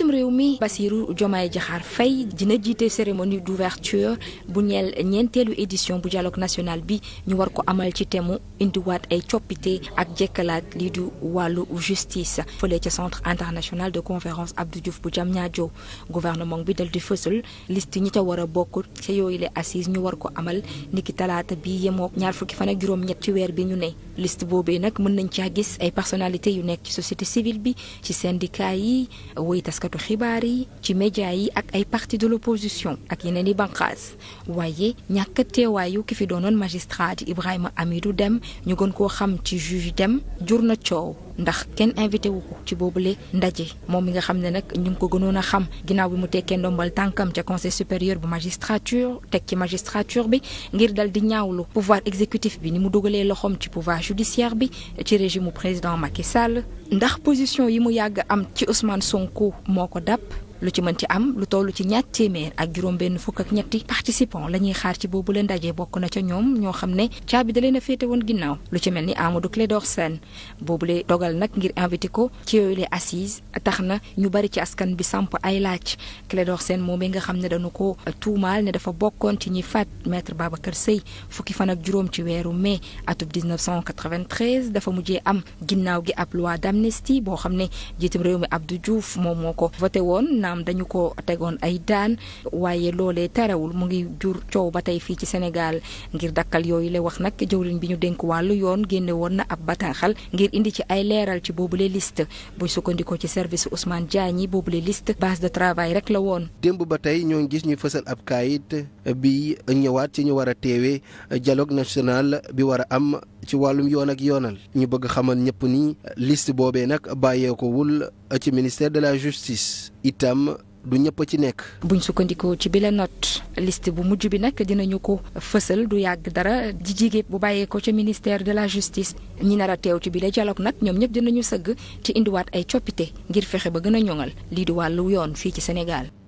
njiitum réew mi Bassirou Diomaye Diakhar Faye dina jiite cérémonie d'ouverture bu ñeenteelu édition bu dialogue national bi ñu war ko amal ci temu indiwaat ay coppite ak jekkalaat lii du wàllu justice fële ca centre international de conférence Abdou Diouf bu Diamniadio gouvernement bi dal di fësal liste ñi ca war a bokk ca yooyu le assise ñu war ko amal ki talaata bi yemook ñaar fukki fan ak juróom-ñett ci weer bi ñu ne liste boobee nag mën nañ caa gis ay personnalités yu nekk ci société civile bi ci syndicat yi woy taskatu xibaar yi ci média yi ak ay parti de l'opposition ak yeneen i banqaas waaye ñàkk teewaayu ki fi doonoon magistrat di Ibrahima Amidou dem ñu gën koo xam ci juge dem jur na coow ndax kenn invité wu ko ci boobule ndaje moom mi nga xam ne nag ñu ngi ko gënoon a xam ginnaaw bi mu tekkee ndombal tànkam ca conseil supérieur bu magistrature teg ci magistrature bi ngir dal di ñaawlu pouvoir exécutif bi ni mu dugalee loxoom ci pouvoir judiciaire bi ci régime président Macky Sall ndax position yi mu yàgg am ci Ousmane Sonko moo ko dàpp lu ci mën ci am lu toll ci ñaar téeméer ak juróom-benn fukk ak ñetti participants la ñuy xaar ci boobu la ndaje bokk na ca ñoom ñoo xam ne caabi da leen a féete woon ginnaaw lu ci mel ni Amadou Clédor Sène boobule dogal nag ngir invité ko ci yooyu les assises tax na ñu bari ci askan bi samp ay laaj Clédor Sène moom nga xam ne dañu ko tuumaal ne dafa bokkoon ci ñi faat maître Babacar Sèye fukki fan ak juróom ci weeru mai atub 1993 dafa mujjee am ginnaaw gi ab loi d'amnistie boo xam ne jiitam réew mi Abdou Diouf moom moo ko voté woon naam dañu ko tegoon ay daan waaye loolee terewul mu ngi jur coow ba tey fii ci Sénégal ngir dakkal yooyu lay wax nag jëwriñ bi ñu dénk wàllu yoon génne woon na ab bataaxal ngir indi ci ay leeral ci boobu boobule liste bu sukkandikoo ci service Ousmane Diagne boobule liste base de travail rek la woon. démb ba tey ñoo gis ñu fësal ab kaayit bi ñëwaat ci ñu war a teewee dialogue national bi war am ci wàllum yoon ak yoonal ñu bëgg xamal ñëpp ni liste boobee nag ci ministère de la justice itam du ñëpp ci nekk. buñ sukkandikoo ci bile note liste bu mujj bi nag dinañu ko fësal du yàgg dara ji jigéen bu bàyyee ko ci ministère de la justice ñi nar a teew ci bile dialogue nag ñoom ñëpp dinañu sëgg ci indiwaat ay coppite ngir fexe ba gën a ñoŋal lii di wàllu yoon fii ci Sénégal.